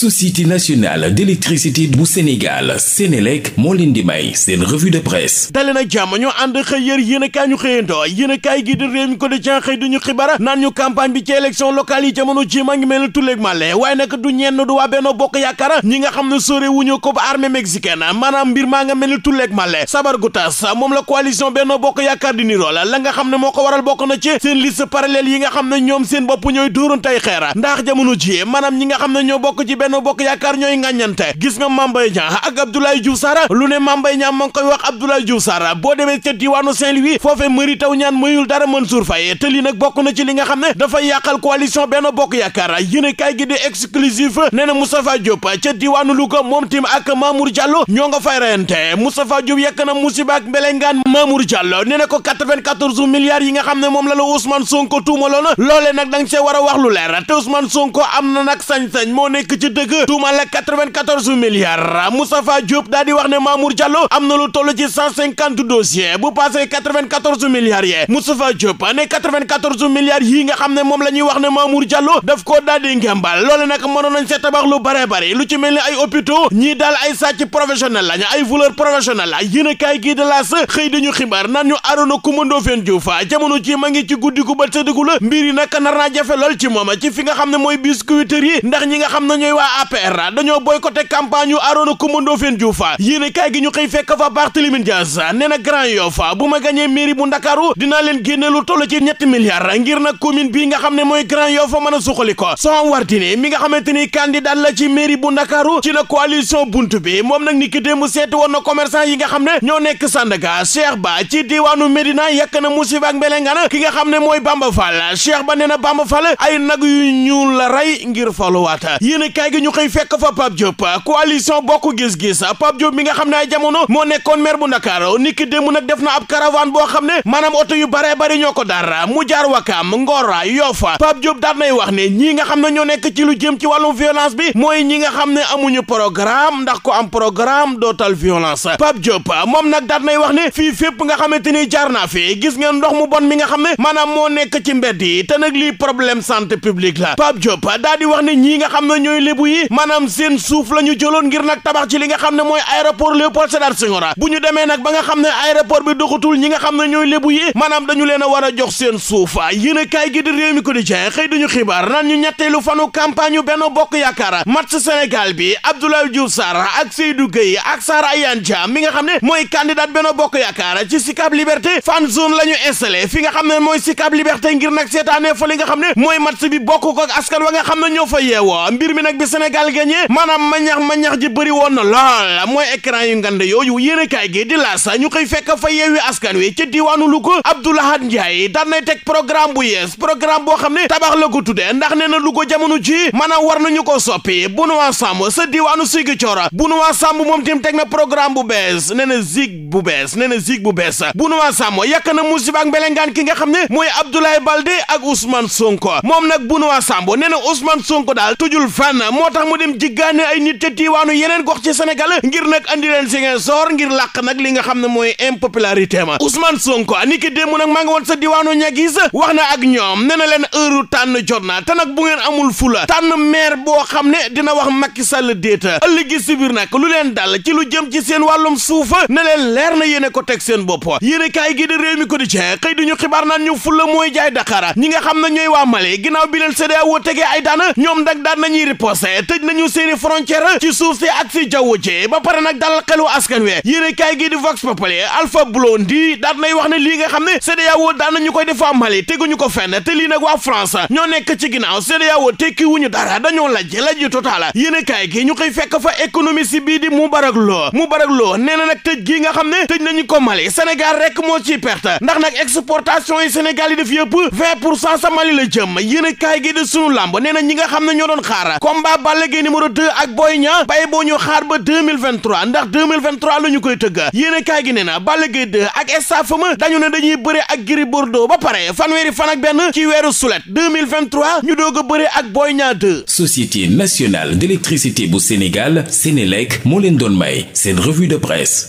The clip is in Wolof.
société nationale d'électricité bu Sénégal Sénélec moo leen di may seen revue de presse dale na jàmm ñu ànd xëy a kaay ñu xëyandoo yéen a kaay gi di réew mi ko di cen xëy duñu xibara naan ñu campagne bi ci élection locale yi jamono ji ma ngi mel ni tulleeg màlle waaye nag du ñenn du waa Benno Bokk Yaakaar ñi nga xam ne sóore wuñu ko ba armée mexicaine maanaam mbir maa nga mel ni tulleeg màlle sabar gu tas moom la coalition Benno Bokk Yaakaar ñooy ŋàññante gis nga Mame Mbaye Niang ak Abdoulaye Diouf lu ne Mame Mbaye Niang wax Abdoulaye Diouf Sarr boo demee ca diwaanu Saint-Louis foofee Mary Teuw Niane dara Mansour Faye te nag bokk na ci li nga xam ne dafay yàqal coalition Benno Bokk Yaakaar yéene kaay gi di exclusif nee na Moustapha Diop ca diwaanu Louga moom tim ak Mamour Diallo ñoo nga fay reyante Moustapha Diop yàkk na musiba ak mbelengaan Mamour Diallo ko 94 milliards xam ne moom la la Ousmane Sonko tuumaloon loolee nag da a wax lu leer te Ousmane Sonko am na nag sañ-sañ moo nekk ci dëgg tuumal la 94 milliards Moustapha Diop daal di wax am na lu toll ci 150 dossiers bu passé 94 yee Moustapha Diop ne 94 milliards yii nga xam ne moom la ñuy wax ne Mamour Diallo daf koo daal ngembal loole nag mënoon nañ see tabax lu ci mel ay hôpitaux ñii daal ay sàcc professionnel lañ ay voleur professionnel la yéen a kaay gii de laas xëy dañu xibaar naan ñu Arona Coumba Ndoffène Diouf jamono ji ma ngi ci guddi gu ba tëddugul mbir yi nag nar mooy biscuiterie waa APR dañoo boycotté campagne yu Arona Coumba Ndoffène Diouf yéene kaay gi ñu xëy fekk fa Barthélémy Dias nee na Grand bu ma gàñee mairie bu Ndakaaru leen génne lu toll ci ñetti milliards ngir na commune bii nga xam ne mooy Grand Yoff mën a suqali ko son wartine mi nga xamante ni candidat la ci mairie bu Ndakaaru ci la coalition bunt bi moom nag ni ki démb seeti woon na commerçant yi nga xam ne ñoo nekk Sandaga Cheikh Ba ci diwaanu Médina yàkk na musiba ak mbelengana ki nga xam ne mooy Bamba Fall Cheikh Ba nee na Bamba Fall ay nag yu ñuul la rey ngir faluwaat xëy ñu xëy fekk fa Pape Diop coalition bokk gis-gis Pape Diop mi nga xam ne ay jamono moo nekkoon maire bu Ndakaaru niki démb nag def na ab caravane boo xam ne maanaam oto yu bare bari ñoo ko dara mu jaar Wakaam Ngor Yoff Pape Diop daan nay wax ne ñii nga xam ne ñoo nekk ci lu jëm ci wàllum violence bi mooy ñi nga xam ne amuñu programme ndax ko am programme dootal violence Pape Diop moom nag daan nay wax ne fii fépp nga xamante ni jaar naa fi gis ngeen ndox mu bon mi nga xam ne maanaam moo nekk ci mbedd yi te nag lii problème santé publique la Pape Diop daal di wax ne ñii nga xam ne ñooy lebu yi seen suuf la ñu jëloon ngir nag tabax ci li nga xam ne mooy aéroport Léopold Sédar Senghor bu ñu demee nag ba nga xam ne aéroport bi doxatul ñi nga xam ne ñooy lebu yi maanaam dañu leen war a jox seen suuf yéen a kaay gi di réew mi ko di jaay xëy dañu xibaar naan ñu ñetteelu fanu campagne yu Benno Bokk Yaakaar match Sénégal bi Abdoulaye Diouf Sarr ak Seydou Gueye ak Sara Ayane Dia nga xam ne mooy candidat Benno Bokk Yaakaar ci Sicap Liberté fan zone la ñu installé fi nga xam ne mooy Sicap Liberté ngir nag seetaanee fa li nga xam ne mooy mat bi bokk ko ak askan wa nga xam ne ñoo fa yeewoo mbir mi nag Sénégal gagné maanaam mañax mañax ji bëri woon na lool mooy écran yu ngand yooyu yéen a kaay gi di laas ñu koy fekk fa yeewi askan wi ci diwaanu Louga Abdou Lahad Ndiaye daan nay teg programme bu yees programme boo xam ne tabax la ko tuddee ndax nee na Louga jamono ji maanaam war nañu ko soppi Benoît Samb sa diwaanu Ziguinchor waa Samb moom tim teg na programme bu bees nee na zig bu bees nee na zig bu bees Benoît Samb yàq na musiba ak mbelengaan ki nga xam ne mooy Abdoulaye Balde ak Ousmane Sonko moom nag Benoît Samb nee na Ousmane Sonko daal tujul moo tax mu dem jiggaane ay nit te tiiwaanu yeneen gox ci Sénégal ngir nag andi leen si ngeen soor ngir làq nag li nga xam ne mooy impopularité ma Ousmane Sonko niki démb nag maa ngi woon sa diwaanu ñagis wax na ak ñoom nee na leen heure tànn jot na tanag nag bu ngeen amul fula tànn maire boo xam ne dina wax Macky Sall déet ëllëgi si biir nag lu leen dal ci lu jëm ci seen wàllum suufa ne leen leer na yéene ko teg seen bopp yéene kaay gi di réew mi ko di cee xëy duñu xibaar naan ñu fula mooy jaay Dakar ñi nga xam ne ñooy waa ginnaaw bi leen CEDEAO tegee ay nag daan nañuy riposé tëj nañu seeni frontière ci suuf si ak si jaww ji ba pare nag dal xelu askan wi yéene kaay gi di Vox Populi Alpha Blondy daat nay wax ne lii nga xam ne CEDEAO daan ñu koy defa Mali teguñu ko fenn te lii nag waa France ñoo nekk ci ginnaaw CEDEAO tekki wuñu dara dañoo lajj lajj total yéene kaay gi ñu koy fekk fa économiste bii di Moubarak Lo Moubarak Lo nee na nag tëj gi nga xam ne tëj ñu ko Mali Sénégal rek moo ci perte ndax nag exportation yi Sénégal yi def yëpp pour cent sa Mali la jëm yéene kaay gi di sunu làmb nee na ñi nga xam ne ñoo doon xaar Balla Gaye numéro 2 ak Boy Niang bay boo ñu xaar ba 2023 ndax 2023 la ñu koy tëgg yéene kaay gi nee na Balla Gaye 2 ak estafama dañu ne dañuy bëre ak Gris Bordeaux ba pare fanweeri fan ak benn ci weeru sulet 2023 ñu doog a bëre ak Boy Niang 2 Société nationale d'électricité bu Sénégal Sénélec moo leen doon may seen revue de presse